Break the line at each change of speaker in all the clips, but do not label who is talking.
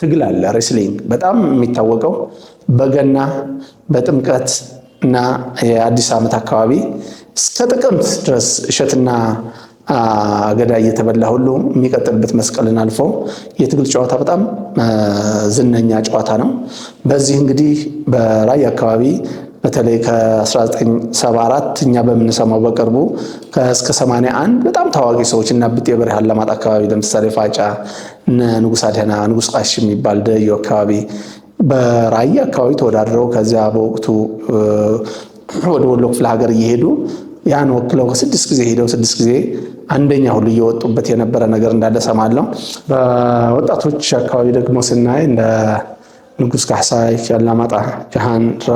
ትግል አለ። ሬስሊንግ በጣም የሚታወቀው በገና በጥምቀት እና የአዲስ ዓመት አካባቢ እስከ ጥቅምት ድረስ እሸትና አገዳ እየተበላ ሁሉ የሚቀጥልበት መስቀልን አልፎ የትግል ጨዋታ በጣም ዝነኛ ጨዋታ ነው። በዚህ እንግዲህ በራያ አካባቢ በተለይ ከ1974 እኛ በምንሰማው በቅርቡ እስከ 81 በጣም ታዋቂ ሰዎች እና ብጤ በሬ አላማጣ አካባቢ ለምሳሌ ፋጫ፣ ንጉሥ አድህና፣ ንጉስ ቃሽ የሚባል ደዩ አካባቢ በራያ አካባቢ ተወዳድረው ከዚያ በወቅቱ ወደ ወሎ ክፍለ ሀገር እየሄዱ ያን ወክለው ከስድስት ጊዜ ሄደው ስድስት ጊዜ አንደኛ ሁሉ እየወጡበት የነበረ ነገር እንዳለ ሰማለው። በወጣቶች አካባቢ ደግሞ ስናይ እንደ ንጉስ ካሳይ አላማጣ ጃሃንራ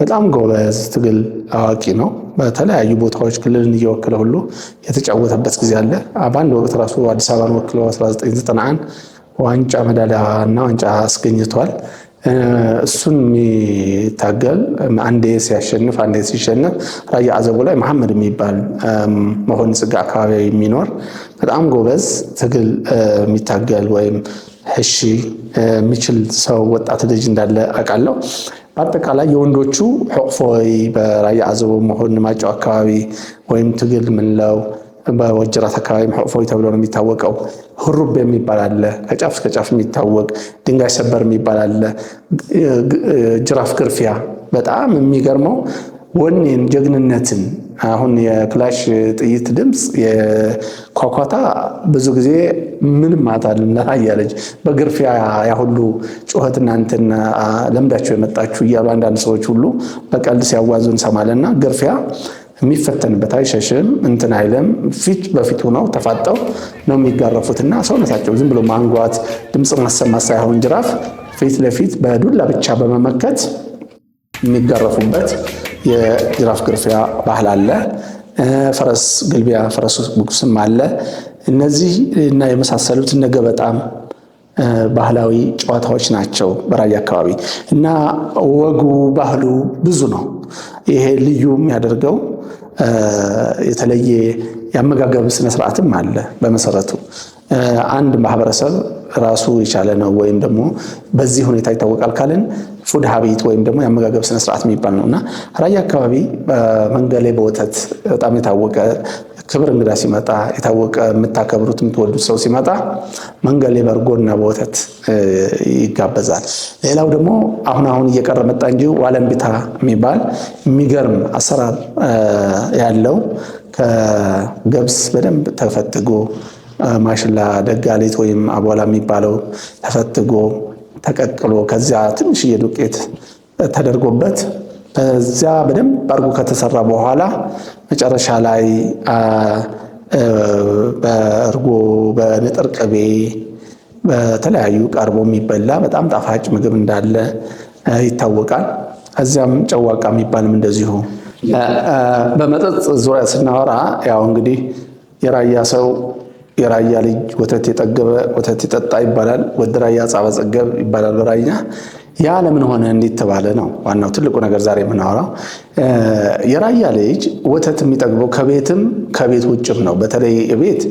በጣም ጎበዝ ትግል አዋቂ ነው። በተለያዩ ቦታዎች ክልልን እየወክለ ሁሉ የተጫወተበት ጊዜ አለ። በአንድ ወቅት ራሱ አዲስ አበባን ወክለው 1991 ዋንጫ መዳሊያ እና ዋንጫ አስገኝቷል። እሱን የሚታገል አንዴ ሲያሸንፍ አንዴ ሲሸነፍ ራያ አዘቦ ላይ መሐመድ የሚባል መሆን ጽጋ አካባቢ የሚኖር በጣም ጎበዝ ትግል የሚታገል ወይም እሺ የሚችል ሰው ወጣት ልጅ እንዳለ አውቃለሁ። በአጠቃላይ የወንዶቹ ሕቅፎይ በራያ አዘቦ መሆን ማጫው አካባቢ ወይም ትግል ምንለው በወጀራት አካባቢ ፎይ ተብሎ ነው የሚታወቀው። ሁሩብ የሚባል አለ፣ ከጫፍ እስከ ጫፍ የሚታወቅ ድንጋይ ሰበር የሚባል አለ። ጅራፍ ግርፊያ በጣም የሚገርመው ወኔን፣ ጀግንነትን አሁን የክላሽ ጥይት ድምፅ የኳኳታ ብዙ ጊዜ ምንም አታልና እያለች በግርፊያ ያሁሉ ጩኸት እናንተን ለምዳቸው የመጣችሁ እያሉ አንዳንድ ሰዎች ሁሉ በቀልድ ሲያዋዙ እንሰማለና ግርፊያ የሚፈተንበት አይሸሽም፣ እንትን አይልም። ፊት በፊት ሆነው ተፋጠው ነው የሚጋረፉትና ሰውነታቸው ዝም ብሎ ማንጓት ድምፅ ማሰማት ሳይሆን ጅራፍ ፊት ለፊት በዱላ ብቻ በመመከት የሚጋረፉበት የጅራፍ ግርፊያ ባህል አለ። ፈረስ ግልቢያ፣ ፈረስ ጉጉስም አለ። እነዚህ እና የመሳሰሉት እነ ገበጣም ባህላዊ ጨዋታዎች ናቸው በራያ አካባቢ እና ወጉ ባህሉ ብዙ ነው። ይሄ ልዩ የሚያደርገው የተለየ የአመጋገብ ስነስርዓትም አለ። በመሰረቱ አንድ ማህበረሰብ ራሱ የቻለ ነው ወይም ደግሞ በዚህ ሁኔታ ይታወቃል ካለን ፉድ ሀቢት ወይም ደግሞ የአመጋገብ ስነስርዓት የሚባል ነው እና ራያ አካባቢ መንገሌ በወተት በጣም የታወቀ ክብር እንግዳ ሲመጣ የታወቀ የምታከብሩት የምትወዱት ሰው ሲመጣ መንገሌ በርጎና በወተት ይጋበዛል። ሌላው ደግሞ አሁን አሁን እየቀረ መጣ እንጂ ዋለንቢታ የሚባል የሚገርም አሰራር ያለው ከገብስ በደንብ ተፈትጎ ማሽላ ደጋሌት ወይም አቧላ የሚባለው ተፈትጎ ተቀቅሎ ከዚያ ትንሽዬ ዱቄት ተደርጎበት በዚያ በደንብ አድርጎ ከተሰራ በኋላ መጨረሻ ላይ በእርጎ በንጥር ቅቤ በተለያዩ ቀርቦ የሚበላ በጣም ጣፋጭ ምግብ እንዳለ ይታወቃል። ከዚያም ጨዋቃ የሚባልም እንደዚሁ። በመጠጥ ዙሪያ ስናወራ ያው እንግዲህ የራያ ሰው የራያ ልጅ ወተት የጠገበ ወተት የጠጣ ይባላል። ወደ ራያ ጻባ ጸገብ ይባላል በራያ ያ ለምን ሆነ እንዴት ተባለ ነው ዋናው ትልቁ ነገር ዛሬ የምናወራው። የራያ ልጅ ወተት የሚጠግበው ከቤትም ከቤት ውጭም ነው። በተለይ ቤት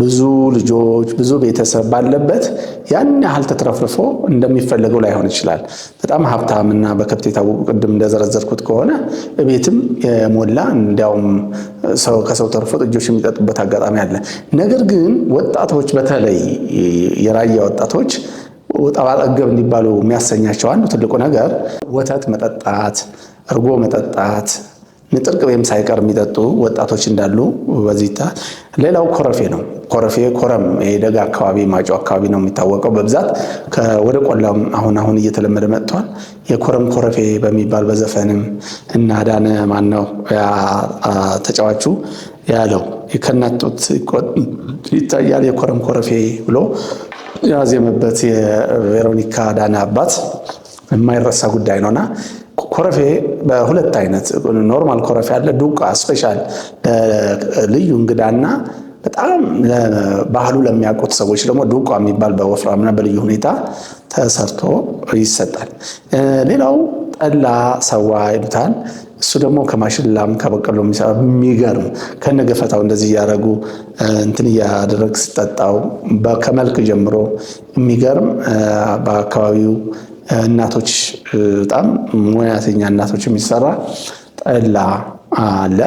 ብዙ ልጆች ብዙ ቤተሰብ ባለበት ያን ያህል ተትረፍርፎ እንደሚፈለገው ላይሆን ይችላል። በጣም ሀብታምና በከብት የታወቁ ቅድም እንደዘረዘርኩት ከሆነ ቤትም የሞላ እንዲያውም ሰው ከሰው ተርፎ ጥጆች የሚጠጡበት አጋጣሚ አለ። ነገር ግን ወጣቶች በተለይ የራያ ወጣቶች ጠባ ጠገብ እንዲባሉ የሚያሰኛቸው አንዱ ትልቁ ነገር ወተት መጠጣት፣ እርጎ መጠጣት ንጥር ቅቤም ሳይቀር የሚጠጡ ወጣቶች እንዳሉ በዚህ ይታል። ሌላው ኮረፌ ነው። ኮረፌ ኮረም የደጋ አካባቢ ማጮ አካባቢ ነው የሚታወቀው በብዛት ወደ ቆላም አሁን አሁን እየተለመደ መጥቷል። የኮረም ኮረፌ በሚባል በዘፈንም እና ዳነ ማን ነው ተጫዋቹ ያለው ከናጡት ይታያል የኮረም ኮረፌ ብሎ ያዜመበት የቬሮኒካ ዳነ አባት የማይረሳ ጉዳይ ነውና ኮረፌ በሁለት አይነት ኖርማል ኮረፌ አለ፣ ዱቃ ስፔሻል ልዩ እንግዳና በጣም ባህሉ ለሚያውቁት ሰዎች ደግሞ ዱቋ የሚባል በወፍራምና በልዩ ሁኔታ ተሰርቶ ይሰጣል። ሌላው ጠላ ሰዋ ይሉታል። እሱ ደግሞ ከማሽላም ከበቀሎ የሚሰራ የሚገርም ከነገፈታው እንደዚህ እያደረጉ እንትን እያደረግ ስጠጣው ከመልክ ጀምሮ የሚገርም በአካባቢው እናቶች በጣም ሙያተኛ እናቶች የሚሰራ ጠላ አለ።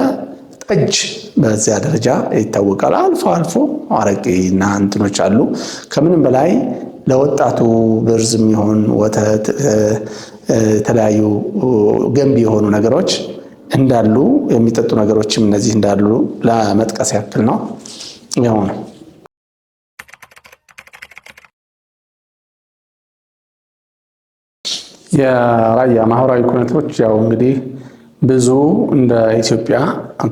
ጠጅ በዚያ ደረጃ ይታወቃል። አልፎ አልፎ አረቄ እና እንትኖች አሉ። ከምንም በላይ ለወጣቱ ብርዝ የሚሆን ወተት የተለያዩ ገንቢ የሆኑ ነገሮች እንዳሉ የሚጠጡ ነገሮችም እነዚህ እንዳሉ ለመጥቀስ ያክል ነው ነው። የራያ ማህበራዊ ኩነቶች ያው እንግዲህ ብዙ እንደ ኢትዮጵያ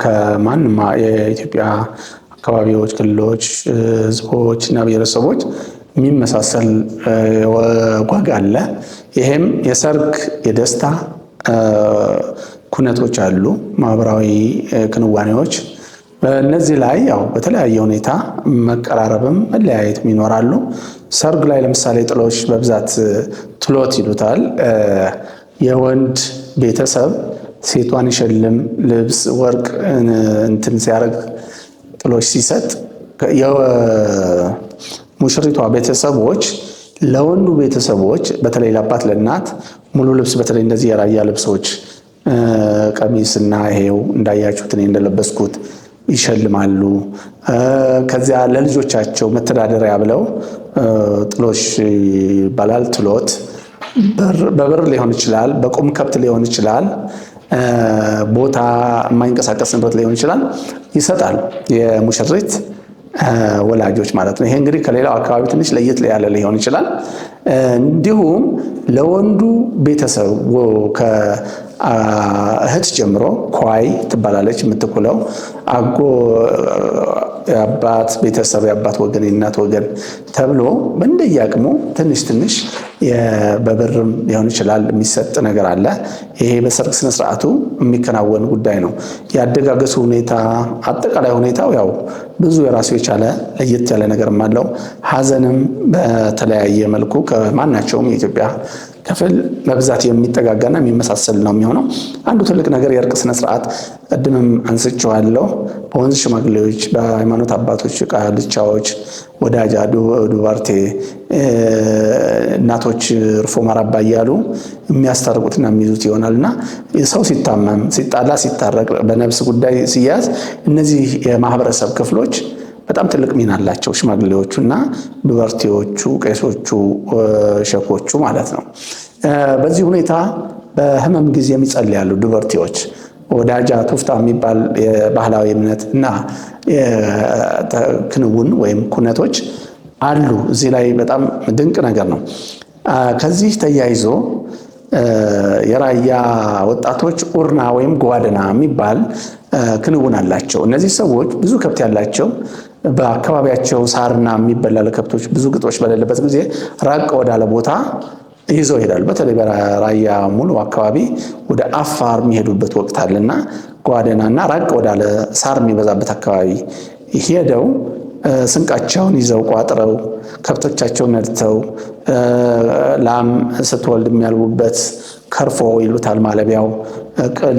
ከማንም የኢትዮጵያ አካባቢዎች፣ ክልሎች፣ ህዝቦች እና ብሔረሰቦች የሚመሳሰል ወግ አለ። ይሄም የሰርግ የደስታ ኩነቶች አሉ፣ ማህበራዊ ክንዋኔዎች። በእነዚህ ላይ ያው በተለያየ ሁኔታ መቀራረብም መለያየትም ይኖራሉ። ሰርግ ላይ ለምሳሌ ጥሎች በብዛት ትሎት ይሉታል። የወንድ ቤተሰብ ሴቷን ይሸልም፣ ልብስ፣ ወርቅ እንትን ሲያደርግ ጥሎች ሲሰጥ የሙሽሪቷ ቤተሰቦች ለወንዱ ቤተሰቦች በተለይ ለአባት ለእናት ሙሉ ልብስ በተለይ እንደዚህ የራያ ልብሶች ቀሚስና ይሄው እንዳያችሁት እኔ እንደለበስኩት ይሸልማሉ። ከዚያ ለልጆቻቸው መተዳደሪያ ብለው ጥሎሽ ይባላል። ትሎት በብር ሊሆን ይችላል፣ በቁም ከብት ሊሆን ይችላል፣ ቦታ የማይንቀሳቀስ ንብረት ሊሆን ይችላል ይሰጣል የሙሽሪት ወላጆች ማለት ነው። ይሄ እንግዲህ ከሌላው አካባቢ ትንሽ ለየት ያለ ሊሆን ይችላል። እንዲሁም ለወንዱ ቤተሰብ እህት ጀምሮ ኳይ ትባላለች የምትኩለው አጎ የአባት ቤተሰብ የአባት ወገን የእናት ወገን ተብሎ አቅሙ ትንሽ ትንሽ በብርም ሊሆን ይችላል የሚሰጥ ነገር አለ። ይሄ በሰርግ ስነስርዓቱ የሚከናወን ጉዳይ ነው። የአደጋገሱ ሁኔታ፣ አጠቃላይ ሁኔታው ያው ብዙ የራሱ የቻለ ለየት ያለ ነገርም አለው። ሀዘንም በተለያየ መልኩ ከማናቸውም የኢትዮጵያ ክፍል በብዛት የሚጠጋጋና የሚመሳሰል ነው የሚሆነው። አንዱ ትልቅ ነገር የእርቅ ስነስርዓት ቅድምም አንስቼዋለሁ። በወንዝ ሽማግሌዎች፣ በሃይማኖት አባቶች፣ ቃልቻዎች፣ ወዳጅ ዱባርቴ እናቶች እርፎ ማራባ እያሉ የሚያስታርቁትና የሚይዙት ይሆናል እና ሰው ሲታመም፣ ሲጣላ፣ ሲታረቅ፣ በነብስ ጉዳይ ሲያዝ እነዚህ የማህበረሰብ ክፍሎች በጣም ትልቅ ሚና አላቸው ሽማግሌዎቹ እና ብበርቴዎቹ፣ ቄሶቹ፣ ሸኮቹ ማለት ነው። በዚህ ሁኔታ በህመም ጊዜ የሚጸልያሉ ድበርቴዎች ወዳጃ ቱፍታ የሚባል የባህላዊ እምነት እና ክንውን ወይም ኩነቶች አሉ። እዚህ ላይ በጣም ድንቅ ነገር ነው። ከዚህ ተያይዞ የራያ ወጣቶች ኡርና ወይም ጓድና የሚባል ክንውን አላቸው። እነዚህ ሰዎች ብዙ ከብት ያላቸው በአካባቢያቸው ሳርና የሚበላ ለከብቶች ብዙ ግጦች በሌለበት ጊዜ ራቅ ወዳለ ቦታ ይዘው ይሄዳሉ። በተለይ በራያ ሙሉ አካባቢ ወደ አፋር የሚሄዱበት ወቅት አለና ጓደናና ራቅ ወዳለ ሳር የሚበዛበት አካባቢ ሄደው ስንቃቸውን ይዘው ቋጥረው ከብቶቻቸውን ነድተው ላም ስትወልድ የሚያልቡበት ከርፎ ይሉታል ማለቢያው ቅል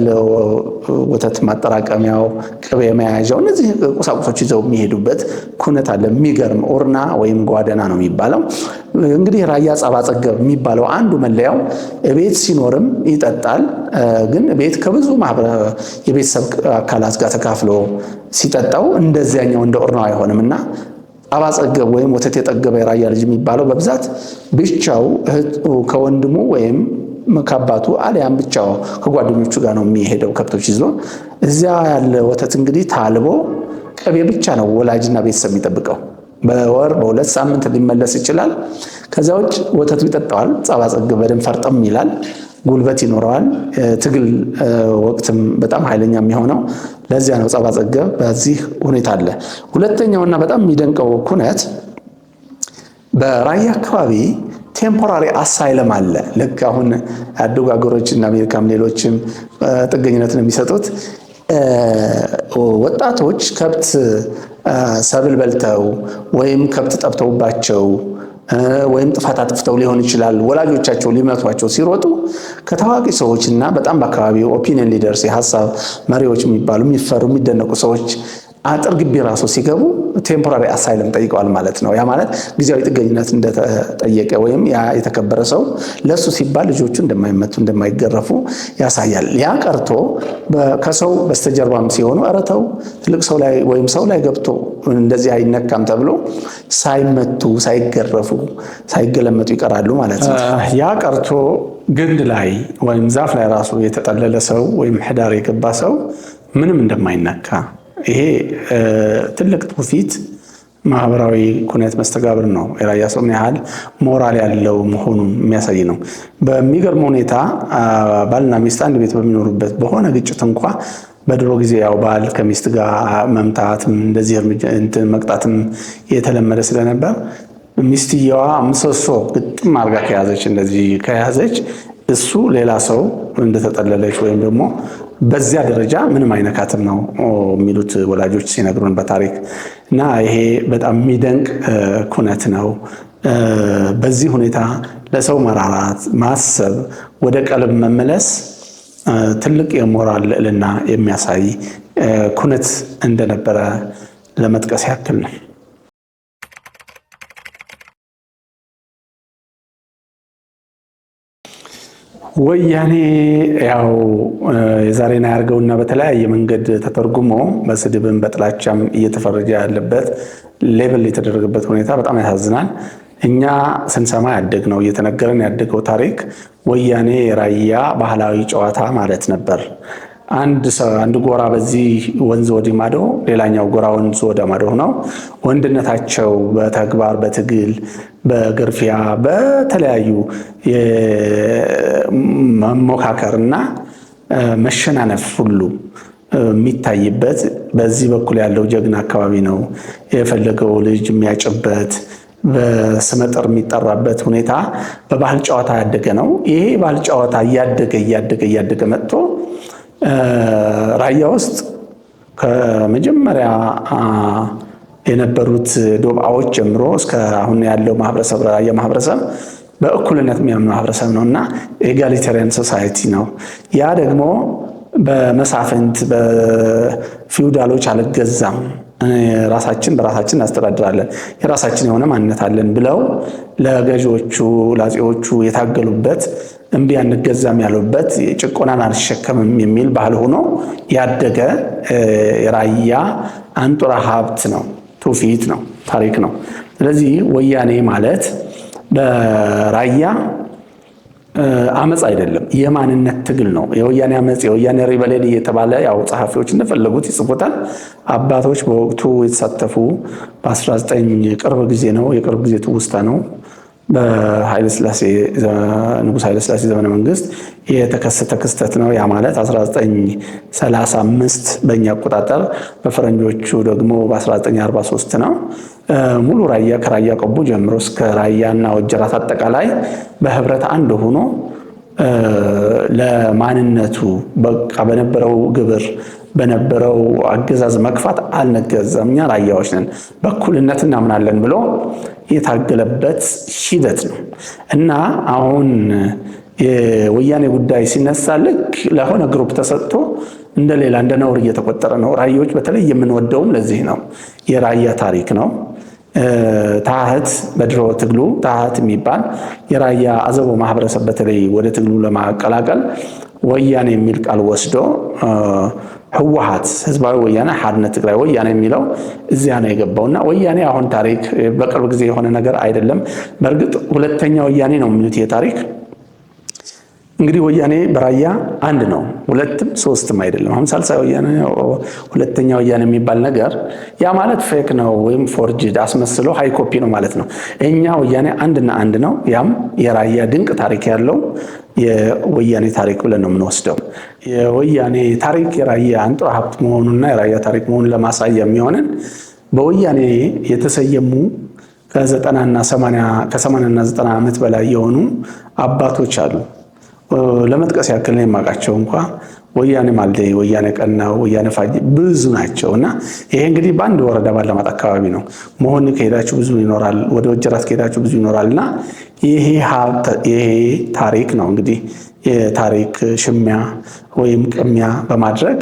ወተት ማጠራቀሚያው፣ ቅቤ መያዣው፣ እነዚህ ቁሳቁሶች ይዘው የሚሄዱበት ኩነት አለ። የሚገርም ኦርና ወይም ጓደና ነው የሚባለው። እንግዲህ ራያ ጸባጸገብ የሚባለው አንዱ መለያው ቤት ሲኖርም ይጠጣል። ግን ቤት ከብዙ የቤተሰብ አካላት ጋር ተካፍሎ ሲጠጣው እንደዚያኛው እንደ ኦርናው አይሆንም እና ጸባጸገብ ወይም ወተት የጠገበ የራያ ልጅ የሚባለው በብዛት ብቻው ከወንድሙ ወይም ከአባቱ አሊያም ብቻው ከጓደኞቹ ጋር ነው የሚሄደው ከብቶች ይዞ። እዚያ ያለ ወተት እንግዲህ ታልቦ ቅቤ ብቻ ነው ወላጅና ቤተሰብ የሚጠብቀው። በወር በሁለት ሳምንት ሊመለስ ይችላል። ከዚያ ውጭ ወተቱ ይጠጣዋል። ጸባጸግ በደንብ ፈርጠም ይላል። ጉልበት ይኖረዋል። ትግል ወቅትም በጣም ኃይለኛ የሚሆነው ለዚያ ነው። ጸባጸገብ በዚህ ሁኔታ አለ። ሁለተኛውና በጣም የሚደንቀው ኩነት በራያ አካባቢ ቴምፖራሪ አሳይለም አለ። ልክ አሁን ያደጉ ሀገሮች እና አሜሪካም ሌሎችም ነው የሚሰጡት ወጣቶች ከብት ሰብል በልተው ወይም ከብት ጠብተውባቸው ወይም ጥፋት አጥፍተው ሊሆን ይችላል። ወላጆቻቸው ሊመቷቸው ሲሮጡ ከታዋቂ ሰዎች እና በጣም በአካባቢው ኦፒኒየን ሊደርስ የሀሳብ መሪዎች የሚባሉ የሚፈሩ የሚደነቁ ሰዎች አጥር ግቢ ራሱ ሲገቡ ቴምፖራሪ አሳይለም ጠይቀዋል ማለት ነው። ያ ማለት ጊዜያዊ ጥገኝነት እንደተጠየቀ ወይም የተከበረ ሰው ለሱ ሲባል ልጆቹ እንደማይመቱ እንደማይገረፉ ያሳያል። ያ ቀርቶ ከሰው በስተጀርባም ሲሆኑ እረተው ትልቅ ሰው ላይ ወይም ሰው ላይ ገብቶ እንደዚህ አይነካም ተብሎ ሳይመቱ ሳይገረፉ ሳይገለመጡ ይቀራሉ ማለት ነው። ያ ቀርቶ ግንድ ላይ ወይም ዛፍ ላይ ራሱ የተጠለለ ሰው ወይም ሕዳር የገባ ሰው ምንም እንደማይነካ ይሄ ትልቅ ትውፊት ማህበራዊ ኩነት መስተጋብር ነው። የራያ ሰው ምን ያህል ሞራል ያለው መሆኑን የሚያሳይ ነው። በሚገርም ሁኔታ ባልና ሚስት አንድ ቤት በሚኖሩበት በሆነ ግጭት እንኳ በድሮ ጊዜ ያው ባል ከሚስት ጋር መምታትም እንደዚህ መቅጣትም የተለመደ ስለነበር ሚስትየዋ ምሰሶ ግጥም አድርጋ ከያዘች እንደዚህ ከያዘች እሱ ሌላ ሰው እንደተጠለለች ወይም ደግሞ በዚያ ደረጃ ምንም አይነካትም ነው የሚሉት ወላጆች ሲነግሩን በታሪክ እና ይሄ በጣም የሚደንቅ ኩነት ነው። በዚህ ሁኔታ ለሰው መራራት፣ ማሰብ፣ ወደ ቀልብ መመለስ ትልቅ የሞራል ልዕልና የሚያሳይ ኩነት እንደነበረ ለመጥቀስ ያክል ነው። ወያኔ ያው የዛሬን አያርገውና በተለያየ መንገድ ተተርጉሞ በስድብም በጥላቻም እየተፈረጀ ያለበት ሌብል የተደረገበት ሁኔታ በጣም ያሳዝናል። እኛ ስንሰማ ያደግ ነው እየተነገረን ያደገው ታሪክ ወያኔ የራያ ባህላዊ ጨዋታ ማለት ነበር። አንድ አንድ ጎራ በዚህ ወንዝ ወዲህ ማዶ ሌላኛው ጎራ ወንዝ ወደ ማዶ ነው። ወንድነታቸው በተግባር በትግል በግርፊያ በተለያዩ መሞካከርና መሸናነፍ ሁሉ የሚታይበት በዚህ በኩል ያለው ጀግና አካባቢ ነው የፈለገው ልጅ የሚያጭበት በስመጥር የሚጠራበት ሁኔታ በባህል ጨዋታ ያደገ ነው። ይሄ ባህል ጨዋታ እያደገ እያደገ እያደገ መጥቶ ራያ ውስጥ ከመጀመሪያ የነበሩት ዶብአዎች ጀምሮ እስከ አሁን ያለው ማህበረሰብ ራያ ማህበረሰብ በእኩልነት የሚያምን ማህበረሰብ ነው እና ኤጋሊታሪያን ሶሳይቲ ነው። ያ ደግሞ በመሳፍንት በፊውዳሎች አልገዛም። ራሳችን በራሳችን እናስተዳድራለን፣ የራሳችን የሆነ ማንነት አለን ብለው ለገዢዎቹ ላጼዎቹ የታገሉበት እምቢ አንገዛም ያሉበት ጭቆናን አልሸከምም የሚል ባህል ሆኖ ያደገ ራያ አንጡራ ሀብት ነው፣ ትውፊት ነው፣ ታሪክ ነው። ስለዚህ ወያኔ ማለት በራያ አመፅ አይደለም፣ የማንነት ትግል ነው። የወያኔ አመፅ፣ የወያኔ ሪበሌል እየተባለ ያው ጸሐፊዎች እንደፈለጉት ይጽፉታል። አባቶች በወቅቱ የተሳተፉ በ19 ቅርብ ጊዜ ነው የቅርብ ጊዜ ትውስታ ነው በንጉስ ኃይለስላሴ ዘመነ መንግስት የተከሰተ ክስተት ነው። ያ ማለት 1935 በእኛ አቆጣጠር በፈረንጆቹ ደግሞ በ1943 ነው። ሙሉ ራያ ከራያ ቆቦ ጀምሮ እስከ ራያና ወጀራት አጠቃላይ በህብረት አንድ ሆኖ ለማንነቱ በቃ በነበረው ግብር በነበረው አገዛዝ መክፋት አልንገዛም፣ እኛ ራያዎች ነን፣ በእኩልነት እናምናለን ብሎ የታገለበት ሂደት ነው እና አሁን የወያኔ ጉዳይ ሲነሳ ልክ ለሆነ ግሩፕ ተሰጥቶ እንደሌላ እንደ ነውር እየተቆጠረ ነው። ራያዎች በተለይ የምንወደውም ለዚህ ነው። የራያ ታሪክ ነው። ታህት በድሮ ትግሉ ታህት የሚባል የራያ አዘቦ ማህበረሰብ በተለይ ወደ ትግሉ ለማቀላቀል ወያኔ የሚል ቃል ወስዶ ህወሓት ህዝባዊ ወያነ ሓድነት ትግራይ ወያነ የሚለው እዚያ ነው የገባውና ወያኔ አሁን ታሪክ በቅርብ ጊዜ የሆነ ነገር አይደለም። በእርግጥ ሁለተኛ ወያኔ ነው የሚሉት የታሪክ እንግዲህ ወያኔ በራያ አንድ ነው፣ ሁለትም ሶስትም አይደለም። አሁን ሳልሳይ ወያኔ ሁለተኛ ወያኔ የሚባል ነገር ያ ማለት ፌክ ነው ወይም ፎርጅድ አስመስሎ ሀይ ኮፒ ነው ማለት ነው። እኛ ወያኔ አንድና አንድ ነው። ያም የራያ ድንቅ ታሪክ ያለው የወያኔ ታሪክ ብለን ነው የምንወስደው። የወያኔ ታሪክ የራያ አንጡራ ሀብት መሆኑና የራያ ታሪክ መሆኑን ለማሳያ የሚሆንን በወያኔ የተሰየሙ ከሰማንያና ዘጠና ዓመት በላይ የሆኑ አባቶች አሉ። ለመጥቀስ ያክል ነው የማውቃቸው እንኳ ወያኔ ማልዴ፣ ወያኔ ቀና፣ ወያኔ ፋጅ ብዙ ናቸው። እና ይሄ እንግዲህ በአንድ ወረዳ ባላማጣ አካባቢ ነው። መሆን ከሄዳችሁ ብዙ ይኖራል፣ ወደ ወጀራት ከሄዳችሁ ብዙ ይኖራል። እና ይሄ ታሪክ ነው እንግዲህ የታሪክ ሽሚያ ወይም ቅሚያ በማድረግ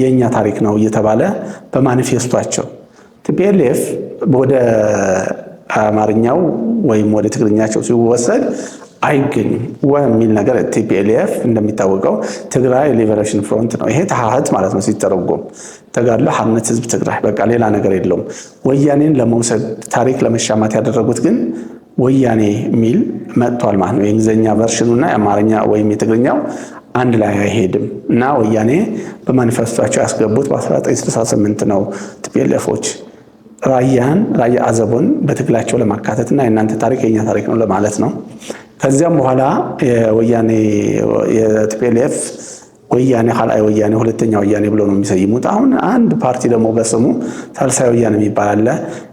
የእኛ ታሪክ ነው እየተባለ በማኒፌስቷቸው ቲፒኤልኤፍ ወደ አማርኛው ወይም ወደ ትግርኛቸው ሲወሰድ አይገኙም። ወ የሚል ነገር ቲፒኤልኤፍ እንደሚታወቀው ትግራይ ሊበሬሽን ፍሮንት ነው። ይሄ ተሐህት ማለት ነው ሲተረጎም ተጋድሎ ሀርነት ህዝብ ትግራይ በቃ ሌላ ነገር የለውም። ወያኔን ለመውሰድ ታሪክ ለመሻማት ያደረጉት ግን ወያኔ የሚል መጥቷል ማለት ነው። የእንግሊዝኛ ና የአማርኛ ወይም የትግርኛው አንድ ላይ አይሄድም እና ወያኔ በማኒፌስቶቸው ያስገቡት በ1968 ነው። ቲፒኤልኤፎች ራያን ራያ አዘቦን በትግላቸው ለማካተት እና የእናንተ ታሪክ የኛ ታሪክ ነው ለማለት ነው። ከዚያም በኋላ የወያኔ የቲፒኤልኤፍ ወያኔ ሀላይ ወያኔ ሁለተኛ ወያኔ ብሎ ነው የሚሰይሙት። አሁን አንድ ፓርቲ ደግሞ በስሙ ሳልሳይ ወያኔ የሚባል አለ።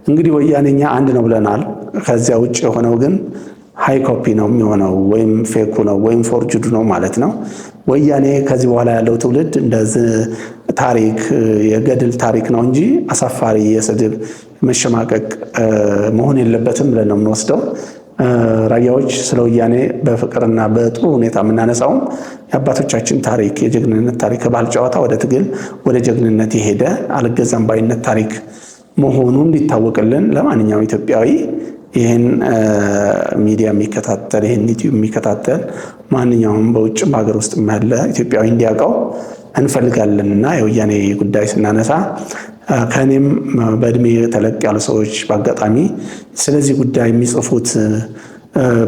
እንግዲህ ወያኔኛ አንድ ነው ብለናል። ከዚያ ውጭ የሆነው ግን ሃይ ኮፒ ነው የሚሆነው፣ ወይም ፌኩ ነው ወይም ፎርጅዱ ነው ማለት ነው። ወያኔ ከዚህ በኋላ ያለው ትውልድ እንደ ታሪክ የገድል ታሪክ ነው እንጂ አሳፋሪ የስድብ መሸማቀቅ መሆን የለበትም ብለን ነው የምንወስደው። ራያዎች ስለ ወያኔ በፍቅርና በጥሩ ሁኔታ የምናነሳውም የአባቶቻችን ታሪክ የጀግንነት ታሪክ ከባህል ጨዋታ ወደ ትግል ወደ ጀግንነት የሄደ አልገዛም ባይነት ታሪክ መሆኑ እንዲታወቅልን ለማንኛውም ኢትዮጵያዊ ይህን ሚዲያ የሚከታተል ይህን ዩቲዩብ የሚከታተል ማንኛውም በውጭ በሀገር ውስጥ ያለ ኢትዮጵያዊ እንዲያውቀው እንፈልጋለን እና የወያኔ ጉዳይ ስናነሳ ከእኔም በእድሜ ተለቅ ያሉ ሰዎች በአጋጣሚ ስለዚህ ጉዳይ የሚጽፉት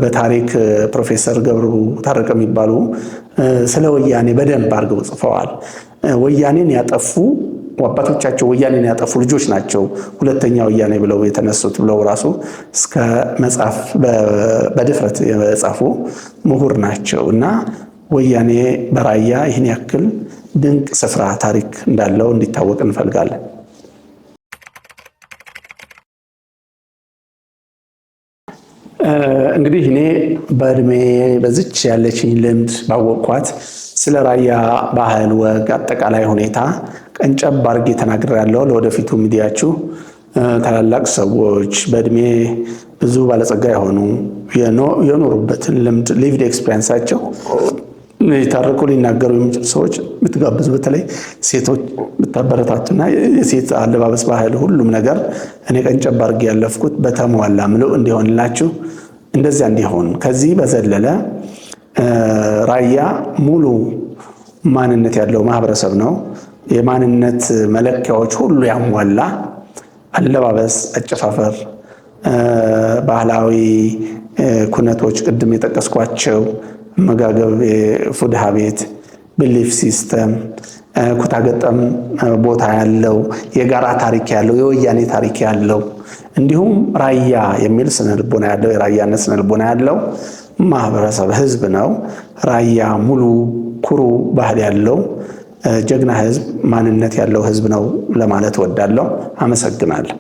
በታሪክ ፕሮፌሰር ገብሩ ታረቀ የሚባሉ ስለ ወያኔ በደንብ አድርገው ጽፈዋል። ወያኔን ያጠፉ አባቶቻቸው ወያኔን ያጠፉ ልጆች ናቸው ሁለተኛ ወያኔ ብለው የተነሱት ብለው ራሱ እስከ መጽሐፍ በድፍረት የጻፉ ምሁር ናቸው እና ወያኔ በራያ ይህን ያክል ድንቅ ስፍራ ታሪክ እንዳለው እንዲታወቅ እንፈልጋለን። እንግዲህ እኔ በእድሜ በዚች ያለችኝ ልምድ ባወቅኳት ስለ ራያ ባህል፣ ወግ፣ አጠቃላይ ሁኔታ ቀንጨብ አድርጌ ያለው ለወደፊቱ ሚዲያችሁ ታላላቅ ሰዎች በእድሜ ብዙ ባለጸጋ የሆኑ የኖሩበትን ልምድ ሊቪድ ኤክስፔሪንሳቸው የታረቁ ሊናገሩ የሚችሉ ሰዎች ብትጋብዙ፣ በተለይ ሴቶች ብታበረታቱና የሴት አለባበስ፣ ባህል፣ ሁሉም ነገር እኔ ቀንጨብ አድርጌ ያለፍኩት በተሟላ ምሉ እንዲሆንላችሁ እንደዚያ እንዲሆን ከዚህ በዘለለ ራያ ሙሉ ማንነት ያለው ማህበረሰብ ነው። የማንነት መለኪያዎች ሁሉ ያሟላ አለባበስ፣ አጨፋፈር፣ ባህላዊ ኩነቶች ቅድም የጠቀስኳቸው አመጋገብ፣ ፉድ ሀቤት፣ ቢሊፍ ሲስተም፣ ኩታገጠም ቦታ ያለው የጋራ ታሪክ ያለው የወያኔ ታሪክ ያለው እንዲሁም ራያ የሚል ስነልቦና ያለው የራያነት ስነልቦና ያለው ማህበረሰብ ህዝብ ነው። ራያ ሙሉ ኩሩ ባህል ያለው ጀግና ህዝብ ማንነት ያለው ህዝብ ነው ለማለት ወዳለው አመሰግናለሁ።